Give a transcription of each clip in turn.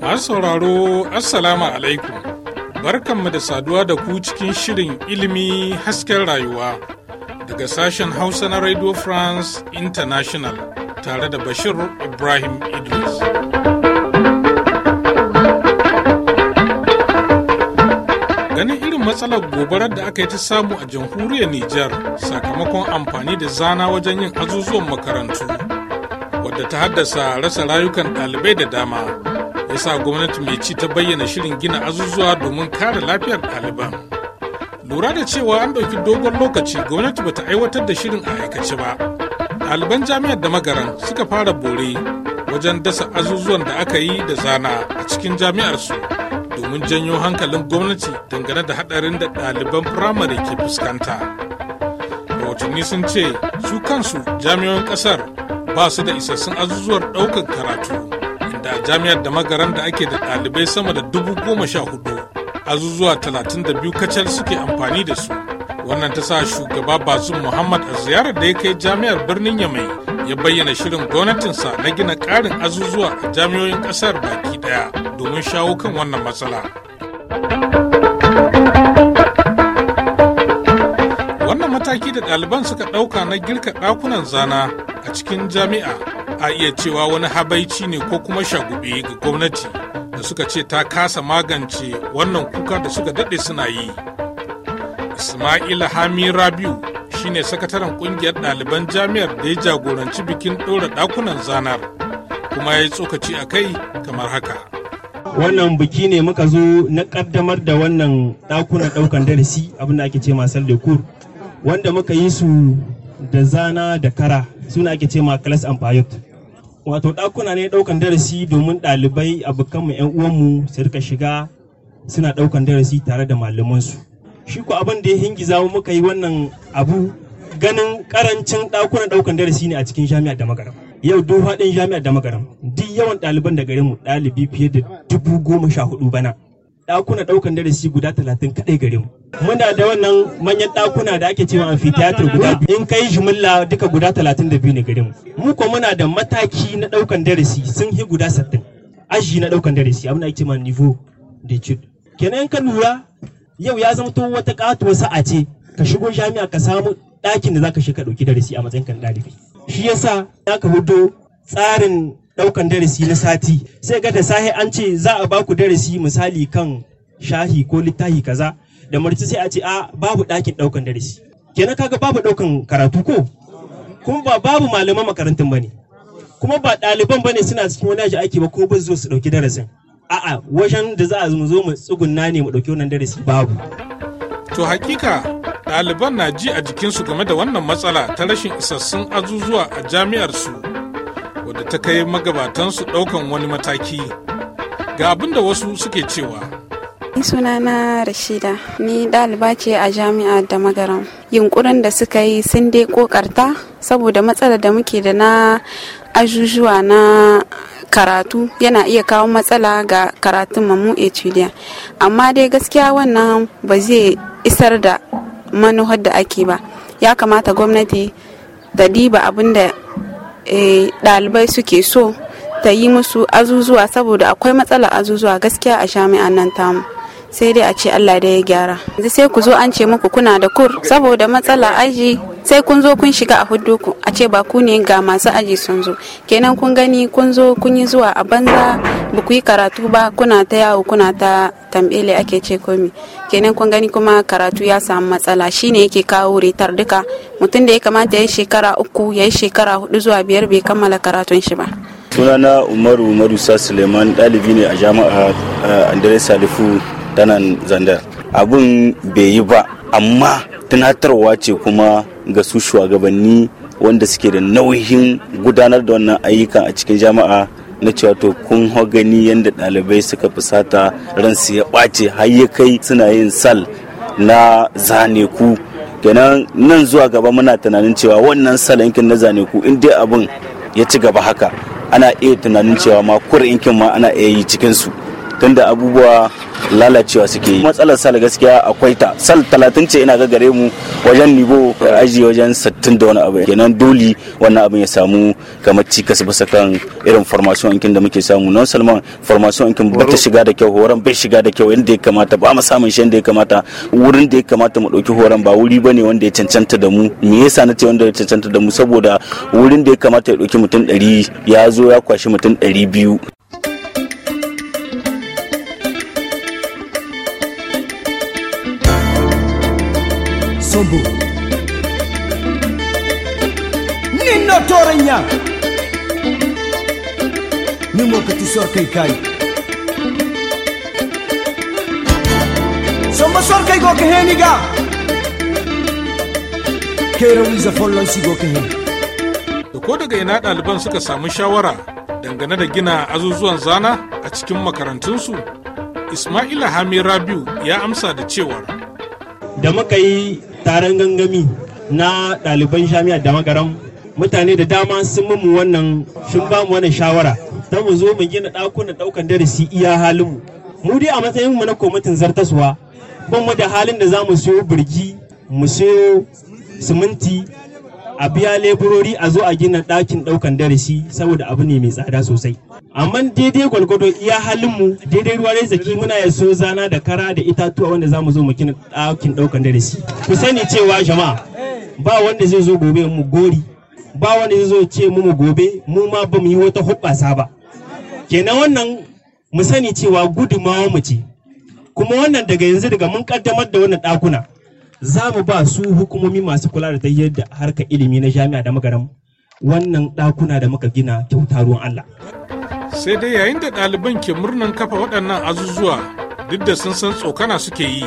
Masu sauraro Assalamu alaikum barkanmu da saduwa da ku cikin shirin ilimi hasken rayuwa daga sashen Hausa na Radio France International tare da Bashir Ibrahim Idris. ganin irin matsalar gobarar da aka yi ta samu a jamhuriyar Nijar sakamakon amfani da zana wajen yin azuzuwan makarantu wadda ta haddasa rasa rayukan ɗalibai da dama ya sa gwamnati mai ci ta bayyana shirin gina azuzuwa domin kare lafiyar ɗaliban lura da cewa an ɗauki dogon lokaci gwamnati bata aiwatar da shirin a aikace ba ɗaliban jami'ar da magaran suka fara bore wajen dasa azuzuwan da aka yi da zana a cikin jami'arsu. mun janyo hankalin gwamnati dangane da hadarin da ɗaliban firamare ke fuskanta rahotanni sun ce su kansu jami'an ƙasar ba su da isassun azuzuwar ɗaukar karatu inda a jami'ar da magaran da ake da ɗalibai sama da dubu goma sha hudu azuzuwa talatin da biyu kacal suke amfani da su wannan ta sa shugaba bazum muhammad a ziyarar da ya kai jami'ar birnin yamai ya bayyana shirin gwamnatinsa na gina ƙarin azuzuwa a jami'oyin ƙasar baki ɗaya domin shawo kan wannan matsala wannan mataki da ɗaliban suka ɗauka na girka ɗakunan zana a cikin jami'a a iya cewa wani habaici ne ko kuma shagube ga gwamnati da suka ce ta kasa magance wannan kuka da suka daɗe suna yi Ismail Hami Rabiu shine sakataren kungiyar ɗaliban jami'ar da ya jagoranci bikin ɗora ɗakunan zanar kuma ya yi tsokaci a kai kamar haka. Wannan biki ne muka zo na ƙaddamar da wannan ɗakunan ɗaukan darasi abin da ake ce masal da kur wanda muka yi su da zana da kara suna ake ce ma class and Wato ɗakuna ne ɗaukan darasi domin ɗalibai abokanmu 'yan uwanmu su rika shiga suna ɗaukan darasi tare da malamansu. shi ku abin da ya hingiza mu muka yi wannan abu ganin karancin ɗakunan ɗaukan darasi ne a cikin jami'ar da magaram yau duk faɗin jami'ar da magaram duk yawan ɗaliban da garin mu ɗalibi fiye da dubu goma sha hudu bana ɗakunan ɗaukan darasi guda talatin kaɗai gare mu muna da wannan manyan ɗakuna da ake cewa amphitheater guda biyu in kai jimilla duka guda talatin da biyu ne gare mu mu ko muna da mataki na ɗaukan darasi sun hi guda sattin aji na ɗaukan darasi abin da ake cewa niveau de kenan ka lura yau ya zama wata katuwa sa'a ce ka shigo jami'a ka samu ɗakin da zaka shiga ɗauki darasi a matsayin kan ɗalibi shi yasa ka hudo tsarin ɗaukan darasi na sati sai ga da sahi an ce za a baku darasi misali kan shahi ko littafi kaza da marci sai a ce a babu ɗakin ɗaukan darasi kenan kaga babu ɗaukan karatu ko kuma ba babu malaman makarantun bane kuma ba ɗaliban bane suna cikin wani aji ake ba ko ba zo su ɗauki darasin a'a wajen da za a mu zo mu tsugunna ne mu ɗauki wannan darasi babu. To hakika ɗaliban na ji a jikinsu game da wannan matsala ta rashin isassun azuzuwa a jami'ar su wadda ta kai magabatansu ɗaukan wani mataki. Ga abin da wasu suke cewa. suna na rashida ni ɗaliba ce a jami'a da magaram yunkurin da suka yi sun dai kokarta saboda matsalar da muke da na ajujuwa na karatu yana iya kawo matsala ga karatun mamu etudiya amma dai gaskiya wannan ba zai isar da manuhar da ake ba ya kamata gwamnati da diba abin da eh, ɗalibai suke so ta yi musu azuzuwa saboda akwai matsala azuzuwa gaskiya a jami'an nan tamu sai dai a ce Allah da ya gyara yanzu sai ku zo an ce muku kuna da kur saboda matsala aji sai kun zo kun shiga a hudu a ce ba ku ne ga masu aji sun zo kenan kun gani kun zo kun yi zuwa a banza ba ku yi karatu ba kuna ta yawo kuna ta tambele ake ce komi kenan kun gani kuma karatu ya samu matsala shine yake kawo retar duka mutum da ya kamata ya yi shekara uku ya yi shekara hudu zuwa biyar bai kammala karatun shi ba sunana umaru marusa suleiman ɗalibi ne a jami'a eh, andres salifu ta nan zandar abin bai yi ba amma tunatarwa ce kuma ga su shugabanni wanda suke da nauyin gudanar da wannan ayyukan a cikin jama'a na cewa to kun gani yadda ɗalibai suka fusata ransu ya ɓace har ya kai suna yin sal na zane ku kenan nan zuwa gaba muna tunanin cewa wannan sal yankin na zane ku in dai abin ya ci gaba haka ana iya tunanin cewa ma kur yankin ma ana iya yi cikinsu tunda abubuwa lalacewa suke yi matsalar sal gaskiya akwai ta sal talatin ce ina ga gare mu wajen nibo aji wajen sattin da wani abu kenan doli wannan abin ya samu kamar cikas bisa kan irin formation ɗinkin da muke samu non salman formation ɗinkin ba ta shiga da kyau horon bai shiga da kyau yadda ya kamata ba mu samun shi yadda ya kamata wurin da ya kamata mu ɗauki horon ba wuri bane wanda ya cancanta da mu me yasa na ce wanda ya cancanta da mu saboda wurin da ya kamata ya ɗauki mutum ɗari ya zo ya kwashi mutum ɗari biyu sobo nino torenya nimo mimo ko kay kay sor kay go ke heniga kero wiza follon go ke hen da ko daga ina ɗaliban suka samu shawara dangane da gina azuzuwan zana a cikin makarantunsu ismaila hamirabi'u rabiu ya amsa da cewar da muka yi taron gangami na ɗaliban jami'a da magaran mutane da dama sun mu wannan sun ba mu wannan shawara ta mu zo mu gina ɗakunan ɗaukan darasi iya halin mu mu dai a matsayin mu na kwamitin zartaswa ban mu da halin da za mu siyo birgi mu siyo siminti a biya leburori a zo a gina ɗakin ɗaukan darasi saboda abu ne mai tsada sosai amma daidai gwalgwado iya halinmu daidai ruwa rai zaki muna ya so zana da kara da itatuwa wanda za mu zo mu kina ɗaukan ɗaukan darasi ku sani cewa jama'a ba wanda zai zo gobe mu gori ba wanda zai zo ce mu gobe mu ma ba mu yi wata hubbasa ba kenan wannan mu sani cewa gudumawa mu ce kuma wannan daga yanzu daga mun kaddamar da wannan ɗakuna za mu ba su hukumomi masu kula da tayyar da harkar ilimi na jami'a da magaram wannan ɗakuna da muka gina kyauta ruwan Allah. sai dai yayin da ɗaliban ke murnan kafa waɗannan azuzuwa duk da sun san tsokana suke yi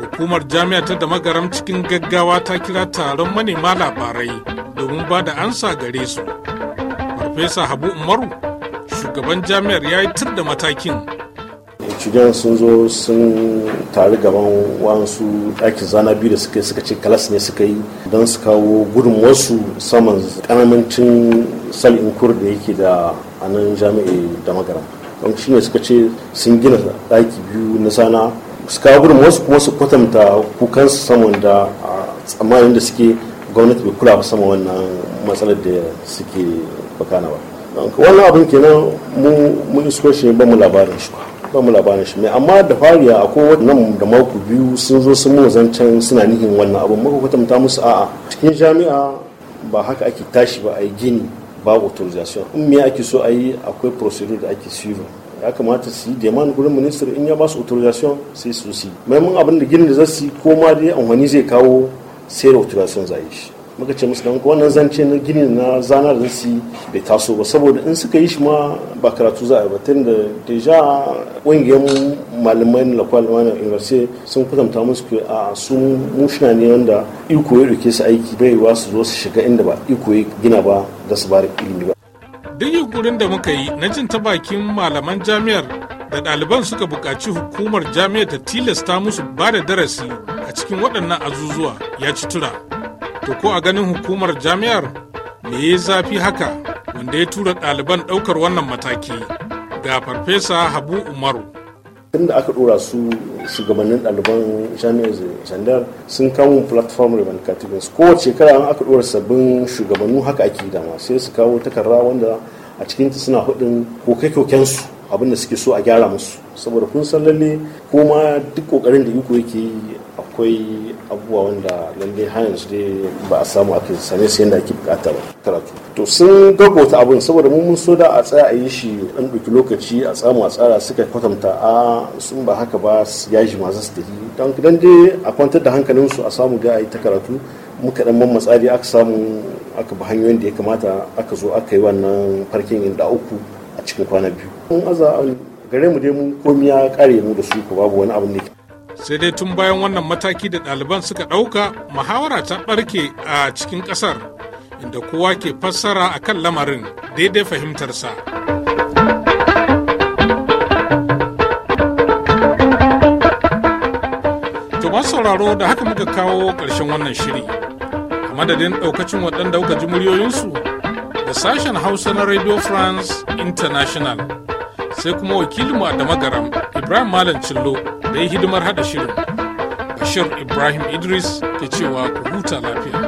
hukumar jami'a ta da magaram cikin gaggawa ta kira taron manema labarai domin ba da ansa gare su farfesa habu umaru shugaban jami'ar ya yi tur da matakin shigen sun zo sun tare gaban wasu ɗakin zana biyu da suka yi suka ce kalas ne suka yi don su kawo wasu saman kanamancin sal'in kur da yake da anan jami'ai da magaram don shi ne suka ce sun gina ɗaki biyu na sana su kawo wasu kuma su kwatanta kukansu saman da a tsammanin da suke gwamnati bai kula ba sama wannan matsalar da suke bakana ba wannan abin kenan mu isko shi ba mu labarin shi ba mu labarin shi mai amma da fariya a kowace nan da mako biyu sun zo sun mu zancen suna nihin wannan abu muka kwatanta musu a'a cikin jami'a ba haka ake tashi ba a yi gini ba autorization in me ake so a yi akwai procedure da ake suivi ya kamata su yi deman gurin minister in ya ba su autorization sai su yi maimakon abin da gini da za su yi ko ma dai amfani zai kawo sai da autorization za yi shi muka ce musu ko wannan zance na gini na zana da su bai taso ba saboda in suka yi shi ma ba karatu za a ba tun da deja ƙungiyar malamai na lakwal na university sun kusanta musu ke a su mushina ne wanda iko ya ɗauke su aiki bai wa su zo su shiga inda ba iko ya gina ba da su bari ilimi ba. duk yunkurin da muka yi na jin ta bakin malaman jami'ar da ɗaliban suka buƙaci hukumar jami'ar ta tilasta musu ba da darasi a cikin waɗannan azuzuwa ya ci tura. To ko a ganin hukumar jami'ar me ya zafi haka wanda ya tura ɗaliban ɗaukar wannan mataki ga farfesa Habu Umaru. Tun da aka dora su shugabannin ɗaliban jami'ar sandar sun kawo platform revendicativeness kowace shekara an aka ɗora sabbin shugabannu haka ake dama sai su kawo takarda wanda a cikinta suna hudin koke-kokensu abin da suke so a gyara musu saboda kun san lalle ko ma duk kokarin da iko yake yi akwai abubuwa wanda lalle har yanzu dai ba a samu ake same su yadda ake bukata ba karatu to sun gagota abin saboda mun mun so da a tsaya a yi shi an ɗauki lokaci a tsamu a tsara suka kwatanta a sun ba haka ba yaji ma su tafi don dai a kwantar da hankalin su a samu ga a yi ta karatu muka dan mammatsa aka samu aka bi hanyoyin da ya kamata aka zo aka yi wannan farkin inda uku a cikin kwana biyu mun aza gare mu dai mun komi ya kare mu da su ko babu wani abu ne sai dai tun bayan wannan mataki da ɗaliban suka ɗauka muhawara ta ɓarke a cikin ƙasar inda kowa ke fassara a kan lamarin daidai fahimtarsa sauraro da haka muka kawo ƙarshen wannan shiri a madadin ɗaukacin waɗanda kuka ji muryoyinsu da sashen hausa na radio france international sai kuma wakilinmu a damagaram ibrahim malam cillo da hidimar hada shirin. Bashir Ibrahim Idris ke cewa ku huta lafiya.